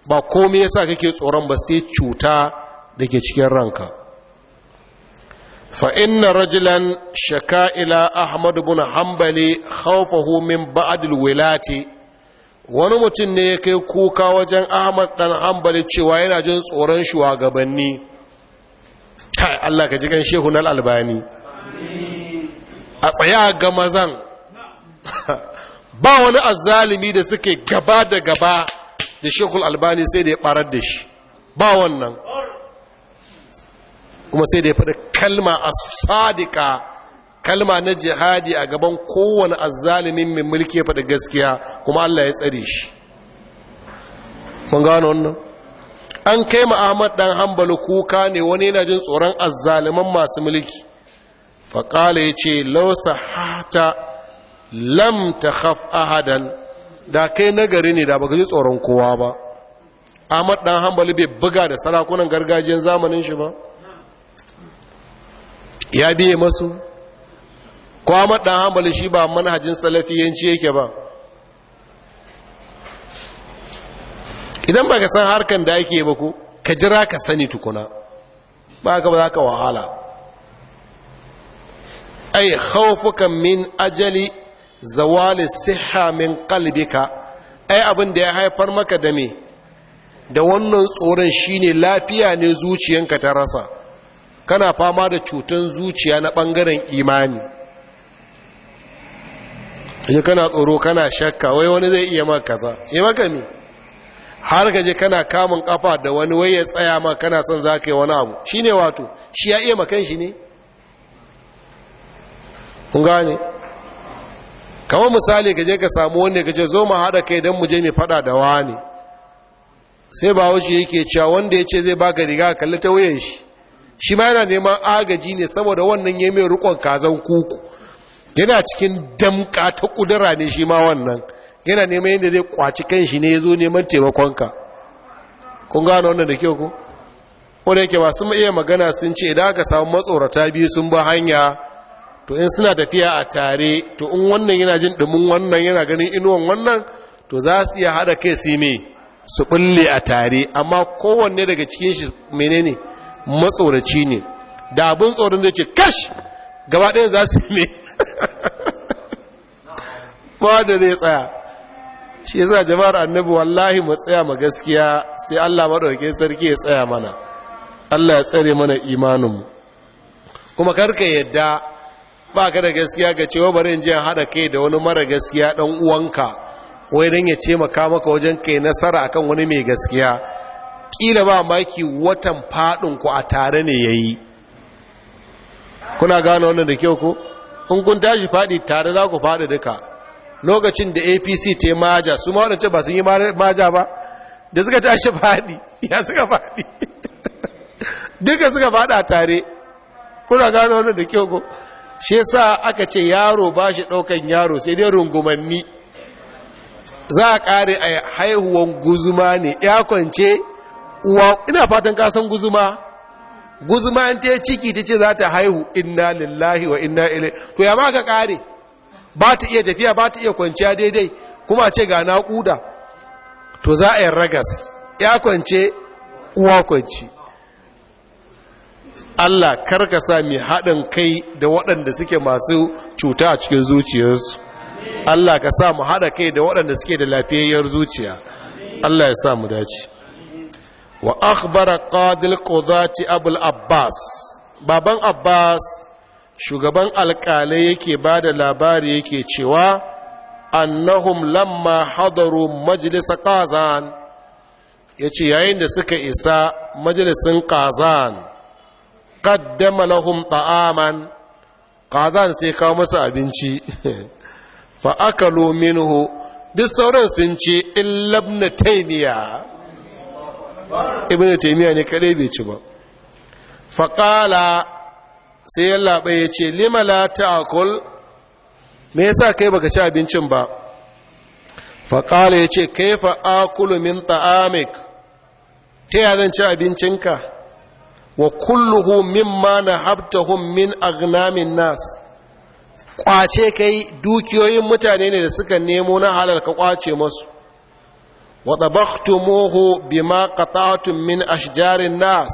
ba komai yasa kake tsoron ba sai cuta dake cikin ranka fa inna rajulan shaka ila ahmad ibn Hambali khawfahu min ba'd wani mutum ne ya kai kuka wajen ahmad dan Hambali cewa yana jin tsoron shugabanni kai Allah ka ji kan shehu nal albani a tsaya ga mazan ba wani azalimi da suke gaba da gaba da shehu albani sai da ya barar da shi ba wannan kuma sai da ya faɗi kalma a sadika kalma na jihadi a gaban kowane azzalimin mai mulki ya faɗi gaskiya kuma Allah ya tsare shi mun gano wannan an kai ma'amad ɗan hambali kuka ne wani yana jin tsoron azzaliman masu mulki faƙala ya ce lausa hata lam ta haf ahadan da kai nagari ne da baka ji tsoron kowa ba ahmad ɗan hambali bai buga da sarakunan gargajiyar zamanin shi ba ya biye masu kwamar ɗan hamali shi ba manhajin salafiyanci yake ba idan ba ka san harkar da ake ba ku ka jira ka sani tukuna ba ka ba za ka wahala ai khawfukan min ajali zawali siha min kalbika, ai abin da ya haifar maka da me da wannan tsoron shine lafiya ne zuciyanka ta rasa kana fama da cutan zuciya na ɓangaren imani ya kana tsoro kana shakka wai wani zai iya maka kaza ya eh, maka ne har gaje kana kamun kafa da wani wai ya tsaya ma kana son za ka yi wani abu shi ne wato shi ya iya makan shi ne kun gane kamar misali gaje ka samu wanda gaje zo ma haɗa kai don mu je mai faɗa da wani sai ba wuce yake cewa wanda ya ce zai baka riga kalli ta wuyan shi shi ma yana neman agaji ne saboda wannan ya mai rukon kazan kuku yana cikin damka ta kudura ne shi ma wannan yana neman yadda zai kwaci kan shi ne ya zo neman taimakonka kun gano wannan da kyau ko wadda yake masu iya magana sun ce idan aka samu matsorata biyu sun ba hanya to in suna tafiya a tare to in wannan yana jin dumin wannan yana ganin inuwan wannan to za su iya hada kai su yi mai, su ɓulle a tare amma kowanne daga cikin shi menene matsoraci ne da abin tsoron zai ce kash gaba ɗaya za su ne ba da zai tsaya shi yasa jama'ar annabi wallahi mu tsaya ma gaskiya sai Allah madauke sarki ya tsaya mana Allah ya tsare mana imanin mu kuma karka yadda ba ka da gaskiya ga cewa bari in je hada kai da wani mara gaskiya dan uwanka wai dan ya ce maka maka wajen kai nasara akan wani mai gaskiya ƙila ba maki watan faɗinku a tare ne ya yi kuna gane wannan da kyau ko Kun kun tashi fadi tare za ku fadi duka lokacin da apc ta yi maja su ma ce ba sun yi maja ba da suka tashi fadi ya suka fadi. duka suka fadi a tare kuna gane wannan da kyau ko shi sa aka ce yaro ba shi ɗaukan yaro sai dai rungumanni za a kare a haihuwan guzuma ne ya kwance uwa ina fatan ka san guzuma guzuma in ta ciki ta ce za ta haihu inna lillahi wa inna ilai to ya ma ka kare ba ta iya tafiya ba ta iya kwanciya daidai kuma ce ga naƙuda to za a yi ragas ya kwance uwa kwanci Allah karka sa mai haɗin kai da waɗanda suke masu cuta a cikin zuciyarsu Allah ka sa mu haɗa kai da waɗanda suke da lafiyayyar zuciya Allah ya sa mu dace wa akhbara qadil qudati abul abbas baban abbas shugaban alƙalai yake ba da labari yake cewa annahum lamma hadaru majalisa kazan ya ce yayin da suka isa majalisin kazan kaddama lahum ta'aman kazan sai kawo masa abinci fa'akalu minhu duk sauran sun ce in labna ibn taymiya ne kare bai ci ba faƙala sai yallaɓa ya ce lima la ta'akul me yasa kai baka ci abincin ba faƙala ya ce fa akulu min ta'amik ta ya zan ci abincinka wa kulluhu mimma na min aghnamin nas kwace kai dukiyoyin mutane ne da suka nemo na halal ka kwace masu wa tabaktumuhu bima qata'tum min ashjarin nas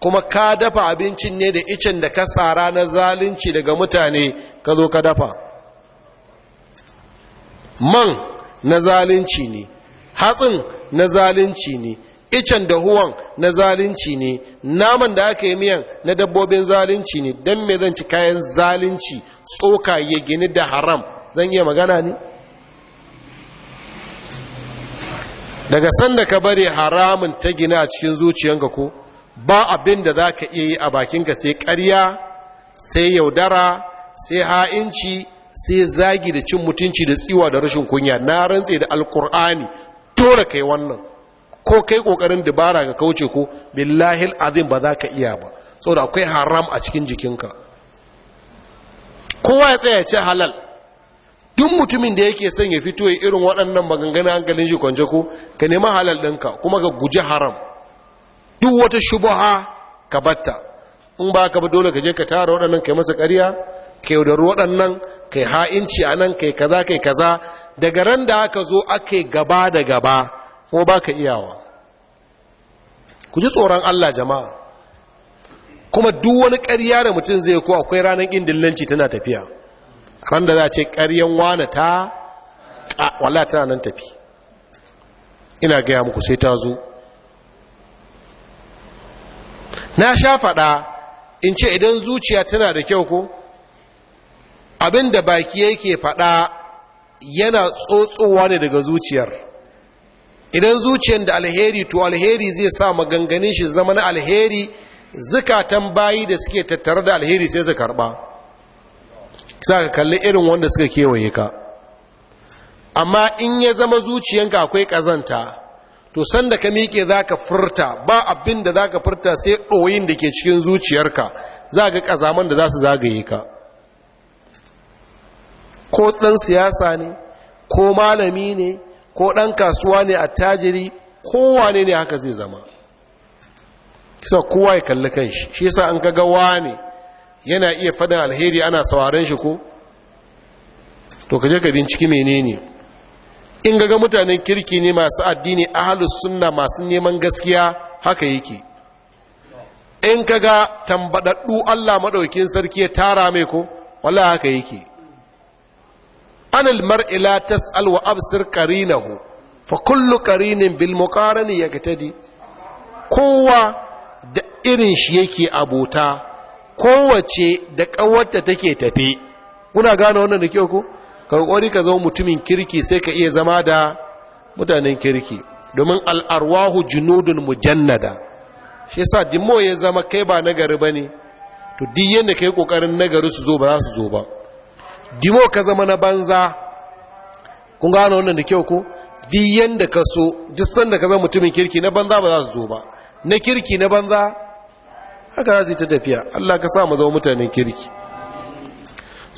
kuma ka dafa abincin ne da icen da ka tsara na zalunci daga mutane ka zo ka dafa man na zalunci ne hatsin na zalunci ne icen da huwan na zalunci ne naman da aka yi miyan na dabbobin zalunci ne don me zan ci kayan zalunci tsoka ya da haram zan iya magana ne daga sanda ka bari haramun ta gina a cikin zuciyanka ko ba abin da za ka iya yi a bakinka sai karya, sai yaudara sai ha'inci sai zagi da cin mutunci da tsiwa da rashin kunya na rantse da alkur'ani tora kai wannan ko kai kokarin dubara ga kauce ko billahil azim ba za ka iya ba saboda akwai haram a cikin jikinka kowa ya tsaya ce halal duk mutumin da yake son ya fito ya irin waɗannan maganganun hankalin shi kwanje ko ka nemi halal ɗinka kuma ga guji haram duk wata shubaha ka batta in ba ka ba dole ka je ka tara waɗannan kai masa ƙarya ka yaudari waɗannan kai ha'inci a nan kai kaza kai kaza daga ran da aka zo ake gaba da gaba kuma ba ka iyawa ku ji tsoron allah jama'a kuma duk wani ƙarya da mutum zai ko akwai ranar ƙin dillanci tana tafiya ran da za ce ƙaryan wane ta wala tana nan tafi ina gaya muku sai ta zo na sha faɗa in ce idan zuciya tana da kyau ko abin da baki yake faɗa yana tsotsowa ne daga zuciyar idan zuciyar da alheri to alheri zai sa maganganin shi zama na alheri zukatan bayi da suke tattare da alheri sai su karɓa sa ka kalli irin wanda suka kewaye ka amma in ya zama zuciyanka akwai kazanta, to sanda ka miƙe za ka furta ba abin da za ka furta sai ɗoyin da ke cikin zuciyarka za ka ƙazaman da za su zagaye ka ko ɗan siyasa ne ko malami ne ko ɗan kasuwa ne a tajiri, kowane ne haka zai zama kisa kowa ya kalli kanshi shi sa an kaga wane yana iya faɗin alheri ana sauraron shi ko to kaje ka binciki menene in ga mutanen kirki ne masu addini ahlus sunna masu neman gaskiya haka yake in kaga tambadaddu Allah madaukin sarki ya tara mai ko wallahi haka yake anil mar'i la tas'al wa absir qarinahu fa kullu qarinin bil muqarani yaktadi kowa da irin shi yake abota kowace da kawarta take tafe kuna gane wannan da kyau ko ka ka zama mutumin kirki sai ka iya zama da mutanen kirki domin al'arwahu junudun mujannada shi sa dimo ya zama kai ba nagari ba ne, to yadda ka kai kokarin nagari su zo ba za su zo ba dimo ka zama na banza kun gano wannan da kyau ko di yadda ka so duk sanda ka zama mutumin kirki na banza ba za su zo ba na kirki na banza haka za su yi ta tafiya Allah ka sa mu zama mutanen kirki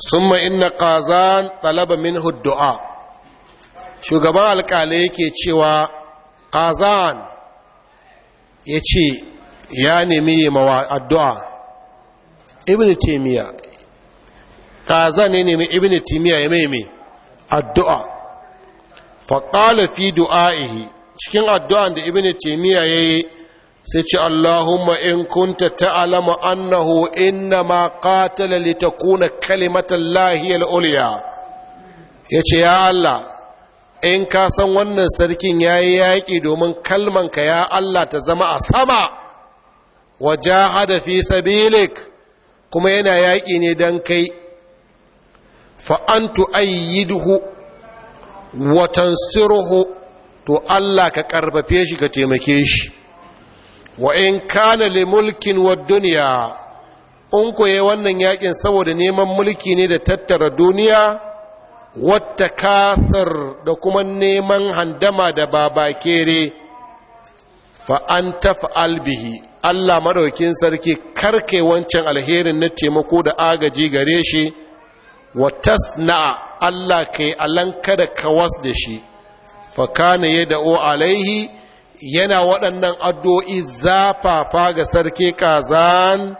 summa inna qazan talaba minhu du'a shugaban alƙalai yake cewa qazan ya ce ya nemi mawa addu'a ibn timiya qazan ne nemi ibn timiya ya mai addu'a faƙala fi du'a'ihi cikin addu'an da ibn timiya ya yi sai ce Allahumma in kunta ta'lamu annahu inna ma qatala litakuna kalimatallahi al ya yace ya Allah in ka san wannan sarkin ya yi yaƙi domin kalmanka ya Allah ta zama a sama wajahada fi sabilik kuma yana yaƙi ne dan kai faantu yi duhu, watan tansiruhu to Allah ka ƙarfafe shi ka taimake shi wa in mulkin wa duniya in koye wannan yakin saboda neman mulki ne da tattara duniya wata kathir da kuma neman handama da babakere fa an tafa'al bihi Allah madaukin sarki kar karke wancan alherin na taimako da agaji gare shi wa tasna Allah kai alanka da kawas da shi fa kana yad'u alaihi yana waɗannan addu'o'i zafafa ga sarki ƙazan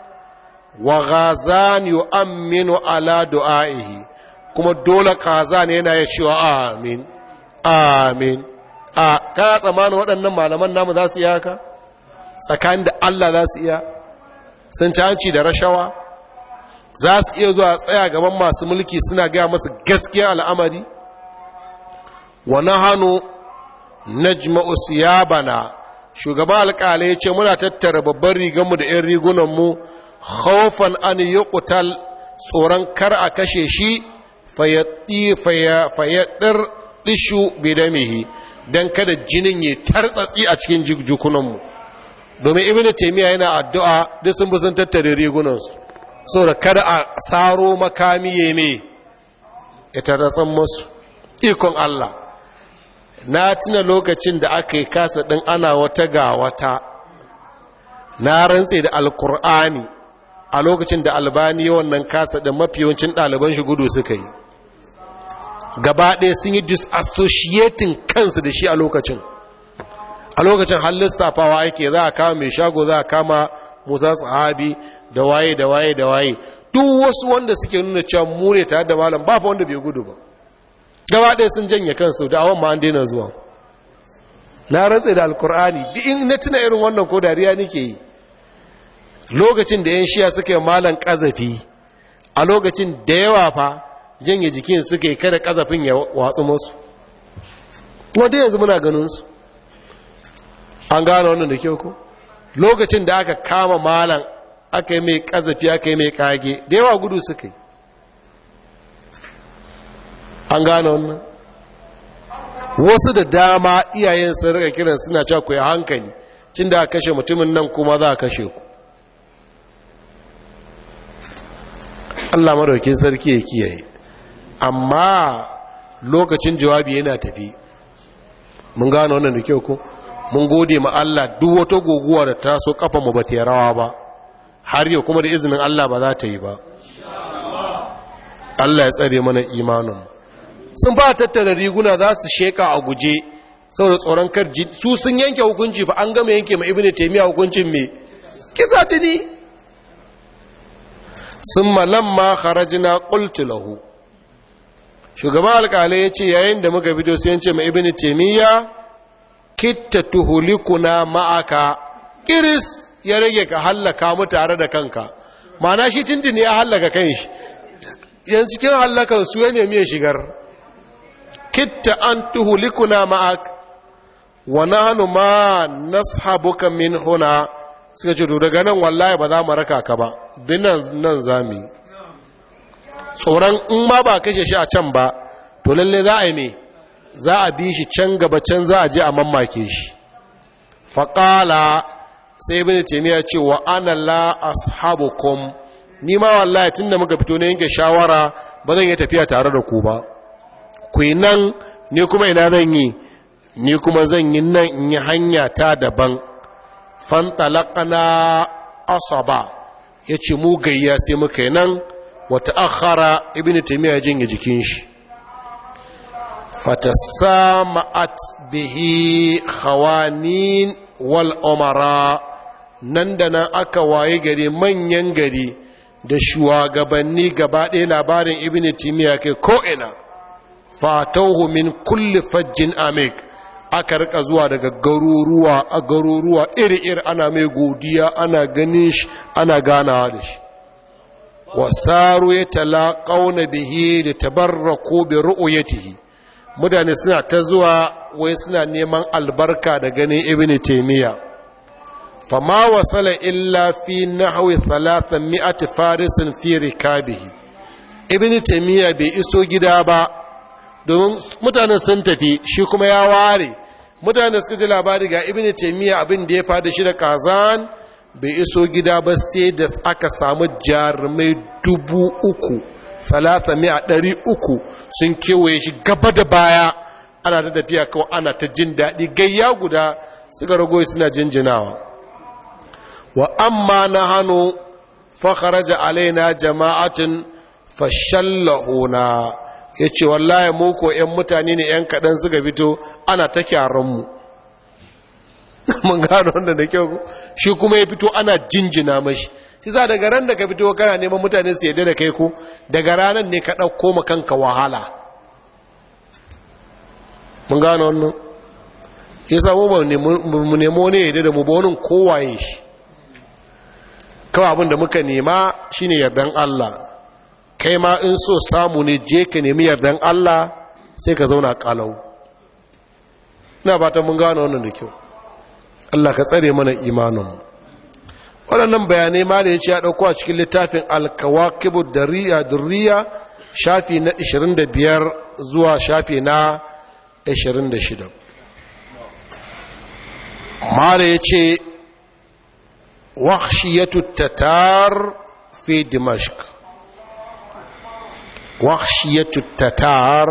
wa ghazan aminu ala du'a'ihi kuma dole ƙazan yana ya cewa amin amin a kana tsammanin waɗannan malaman namu za su iya haka tsakanin da Allah za su iya sun canci da rashawa za su iya zuwa tsaya gaban masu mulki suna gaya masu gaskiya al'amari wa hannu najma'u siyabana shugaban alƙalai ya ce muna tattara babban riganmu da 'yan rigunanmu haufan an yi ƙutal tsoron kar a kashe shi fayaɗar ɗishu bidamihi don kada jinin ya tartsatsi a cikin jikunanmu domin ibn taimiyya yana addu'a duk sun busun tattare rigunansu da kada a saro makami ya mai ya tartatsan masu ikon Allah na tuna lokacin da aka yi kasa ɗin ana wata ga wata na rantse da alkur'ani a lokacin da albani wannan kasa ɗin mafi yawancin ɗaliban shi gudu suka yi gaba ɗaya sun yi disassociating kansu da shi a lokacin a lokacin halin safawa yake za a kama mai shago za a kama musa tsahabi da waye da waye da waye duk wasu wanda suke nuna cewa mure tare da malam ba fa wanda bai gudu ba gaba ɗaya sun janye kansu da awon ma'an an daina zuwa na ratse da alkur'ani duk in na tuna irin wannan ko dariya nake yi lokacin da yan shiya suka yi malan kazafi a lokacin da yawa fa janye jikin suka yi kada kazafin ya watsu musu wadda yanzu muna ganin su an gano wannan da kyau ko lokacin da aka kama malan aka yi mai kazafi aka yi mai kage da yawa gudu suka yi an gane wannan wasu da dama iyayen sun rika kiran suna cewa ku yi hankali cin da kashe mutumin nan kuma za a kashe ku Allah maraukin sarki ya kiyaye amma lokacin jawabi yana tafi mun gane wannan da kyau ko mun gode ma Allah duk wata guguwa da ta so kafa mu ba bata rawa ba har yau kuma da izinin Allah ba za ta yi ba Allah ya tsare mana imanin sun ba tattara riguna za su sheka a guje saboda tsoron karji su sun yanke hukunci ba an gama yanke ma ibnu taymiya hukuncin me kisa tuni summa lamma kharajna qultu lahu shugaba alƙalai ya ce yayin da muka bido sai yance ma ibini taimiyya kitta tuhulikuna ma'aka kiris ya rage ka hallaka mu tare da kanka mana shi tindini ya hallaka kan shi Yanzu cikin hallakan su ya nemi ya shigar kitta an tuhulikuna ma'ak wa nahnu ma nashabuka min huna suka ce to daga nan wallahi ba za mu raka ka ba dinan nan zami tsoron in ma ba kashe shi a can ba to lalle za a yi ne za a bi shi can gaba can za a je a mamake shi faƙala sai ibn taymiya ce wa ana la ashabukum ni ma wallahi tunda muka fito na yanke shawara ba zan yi tafiya tare da ku ba ku yi nan ni kuma ina zan yi ni kuma zan yi nan in yi hanya ta daban fantalakana asaba ya ce mu gayya sai muka yi nan wata akhara ibn jin yi jikin shi at bihi hawanin wal umara nan da nan aka waye gari manyan gari da shugabanni gaba ɗaya labarin ibn taimiyar kai ko'ina fatauhu min kulli fajjin amik aka rika zuwa daga garuruwa a garuruwa iri-iri ana mai godiya ana ganin shi ana ganawa da shi wasaru ya talaqauna bihi da tabarraku bi ru'yatihi mutane suna ta zuwa wai suna neman albarka da ganin ibn taymiya fama wasala illa fi nahwi 300 farisin fi rikabihi ibn taymiya bai iso gida ba domin mutanen sun tafi shi kuma ya ware mutane suka ji labari ga ibini taimiyya abin da ya fada shi da kazan bai iso gida ba sai da aka samu jarumai dubu uku falata mai a ɗari uku sun kewaye shi gaba da baya ana ta tafiya kawai ana ta jin daɗi gayya guda suka ragoyi suna jinjinawa wa amma na hannu fa fakharaja alaina jama'atin fashallahuna ya ce wallahi moko 'yan mutane ne 'yan kaɗan suka fito ana ta kyaranmu mun gano wanda da kyau shi kuma ya fito ana jinjina mashi shi za daga ran da ka fito kana neman mutane su yadda da kai ko daga ranar ne ka ɗauko makanka wahala mun gano wannan ya samu ba mu nemo ne yadda da mu ba wani kowaye shi kawai abin da muka nema shi ne yardan Allah kai ma in so samu ne je ka nemi yardan Allah sai ka zauna kalau ina ba ta mun gano wannan da kyau Allah ka tsare mana imanin waɗannan bayanai ma da ya ce ya ɗauko a cikin littafin alkawakibu dariya duriya shafi na 25 zuwa shafi na 26 ma da ya ce ya tatar fi dimashq وخشية التتار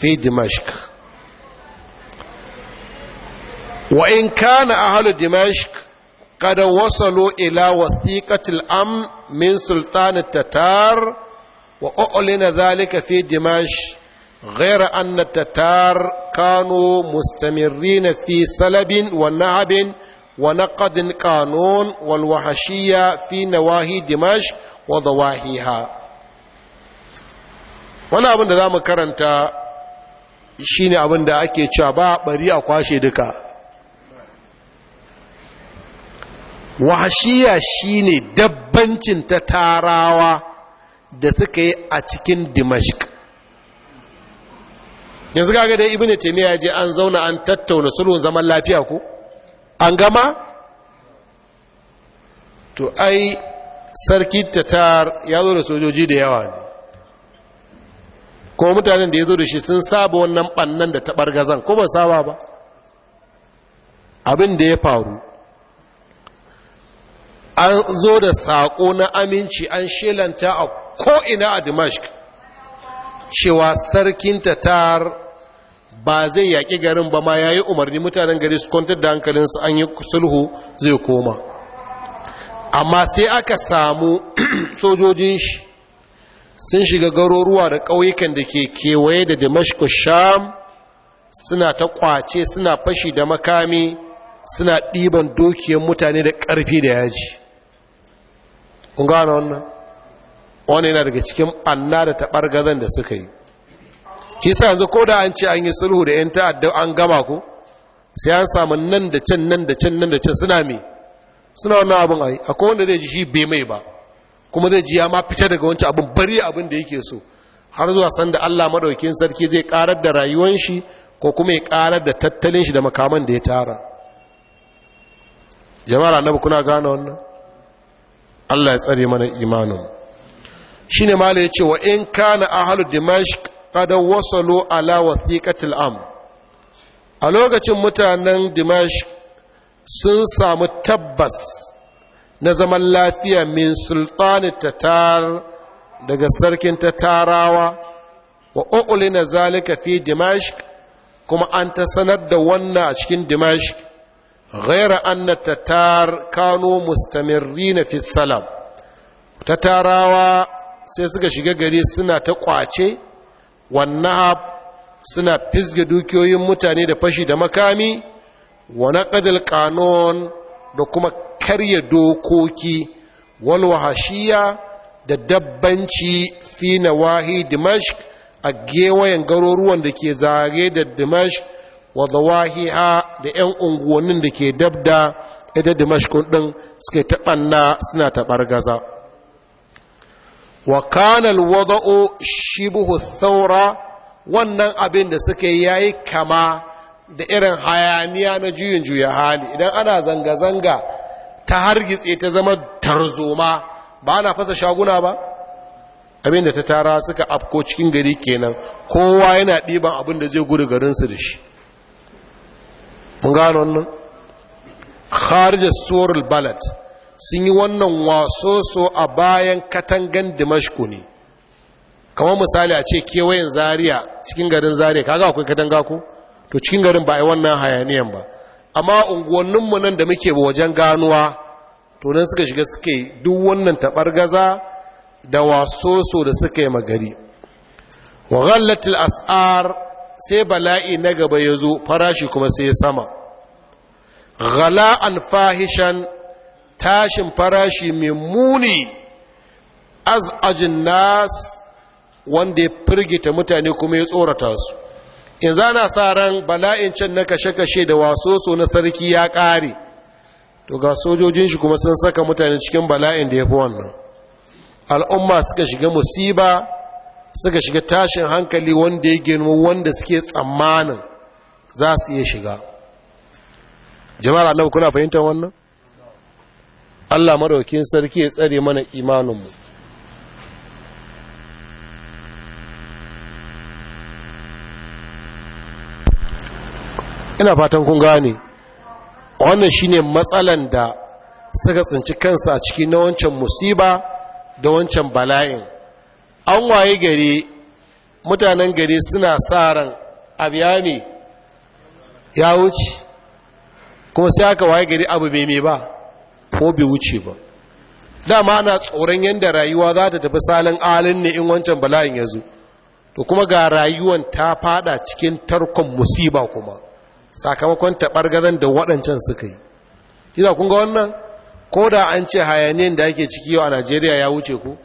في دمشق وإن كان أهل دمشق قد وصلوا إلى وثيقة الأمن من سلطان التتار وأعلن ذلك في دمشق غير أن التتار كانوا مستمرين في سلب ونهب ونقد القانون والوحشية في نواهي دمشق وضواحيها wani abin da za mu karanta shi ne abin da ake cewa ba bari a kwashe duka wahashiya shi ne dabbancin ta tarawa da suka yi a cikin dimashik yanzu kaga dai ne taymiya je an zauna an tattauna sulhun zaman lafiya ko an gama to ai sarki tatar ya zo da sojoji da yawa ne Ko mutanen da ya zo da shi sun saba wannan bannan da taɓar gazan ko ba saba ba abin da ya faru an zo da sako na aminci an shelanta a ko'ina a dimashq cewa sarkin tatar ba zai yaƙi garin ba ma ya yi umarni mutanen gari su kwantar da hankalinsu an yi sulhu zai koma amma sai aka samu sojojin shi sun shiga garuruwa da ƙauyukan da ke kewaye da damashku sham suna ta kwace suna fashi da makami suna ɗiban dukiyar mutane da ƙarfi da yaji kun wannan wani yana daga cikin anna da taɓargazan da suka yi Kisa sa yanzu ko da an ce an yi sulhu da 'yan ta'adda an gama ku sai an samu nan da can nan da can nan da can suna mai suna wannan abin a yi akwai wanda zai ji shi bai mai ba kuma zai ji ya ma fita daga wancan abin bari abin da yake so har zuwa sanda Allah madaukakin sarki zai karar da rayuwar shi ko kuma ya karar da tattalin shi da makaman da ya tara jama'ar annabi kuna gane wannan Allah ya tsare mana imanin shine mala yace wa in kana ahlu dimashq qad wasalu ala wathiqatil am a lokacin mutanen Dimash sun samu tabbas na zaman lafiya min sultani tatar daga sarkin tatarawa wa ƙo'uli na zalika fi dimashq kuma an ta sanar da wannan a cikin Dimash, ghaira anna tatar kano mustamirri fi salam tatarawa sai suka shiga gari suna ta ƙwace wannan suna fisga dukiyoyin mutane da fashi da makami wa naqadil qanon da kuma karya dokoki walwahashiya da dabbanci fi nawahi dimashq a gewayen garuruwan da ke zare da dimashq wa zawahiha da 'yan unguwannin da ke dabda ita Dimash ɗin suka taɓanna suna taɓar gaza wa kanal wada'o shibuhu saura wannan abin da suka yayi kama da irin hayaniya na juyin juya hali idan ana zanga-zanga ta hargitse ta zama tarzoma ba ana fasa shaguna ba abin da ta tara suka afko cikin gari kenan kowa yana ɗiban abin da zai gudu garinsu da shi mun gano wannan kharijar balad sun yi wannan wasoso a bayan katangan dimashku ne kamar misali a ce kewayen zaria cikin garin zariya kaga akwai katanga ko to cikin garin ba a yi wannan hayaniyan ba amma unguwanninmu nan da muke wajen ganuwa to nan suka shiga suke duk wannan gaza da wasoso da suka yi magari wa ghallatil as'ar sai bala'i na gaba ya zo farashi kuma sai sama an fahishan tashin farashi mai muni az'ajin nas wanda ya firgita mutane kuma ya tsorata su yanzu ana sa ran bala'in can na kashe-kashe da wasoso na sarki ya ƙare to ga sojojin shi kuma sun saka mutane cikin bala'in da ya fi wannan al'umma suka shiga musiba suka shiga tashin hankali wanda ya genu wanda suke tsammanin za su iya shiga jama'ar annabi kuna fahimtar wannan Allah maraukin sarki ya tsare mana imaninmu ina fatan kun gane wannan shine matsalan da suka tsinci kansa a ciki na wancan musiba da wancan bala'in an waye gari mutanen gari suna sa ran abu ya wuce kuma sai aka waye gari abu bai mai ba ko bai wuce ba dama ana tsoron yadda rayuwa za ta tafi salin alin ne in wancan bala'in ya zo to kuma ga rayuwan ta fada cikin tarkon musiba kuma sakamakon taɓar gazan da waɗancan suka yi iza kun ga wannan ko da an ce hayaniyar da ake ciki yau a najeriya ya wuce ku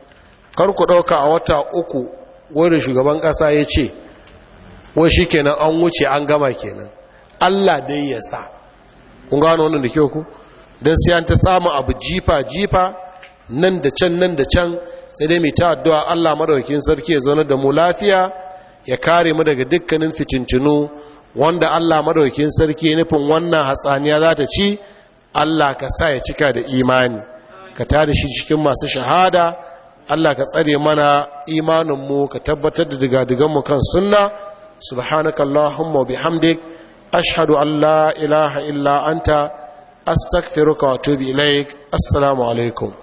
kar ku ɗauka a wata uku wani shugaban ƙasa ya ce wai shi kenan an wuce an gama kenan allah dai ya sa kun gano wannan da kyau ku don sai an ta samu abu jifa jifa nan da can nan da can sai dai mai ta addu'a allah madaukin sarki ya zaunar da mu lafiya ya kare mu daga dukkanin fitintinu wanda Allah madaukin sarki nufin wannan hatsaniya za ta ci Allah ka sa ya cika da imani ka tada shi cikin masu shahada Allah ka tsare mana imaninmu ka tabbatar da digadiganmu kan sunna subhanakallahumma wa bihamdik ashhadu an la ilaha illa anta astaghfiruka wa atubu ilaik assalamu alaikum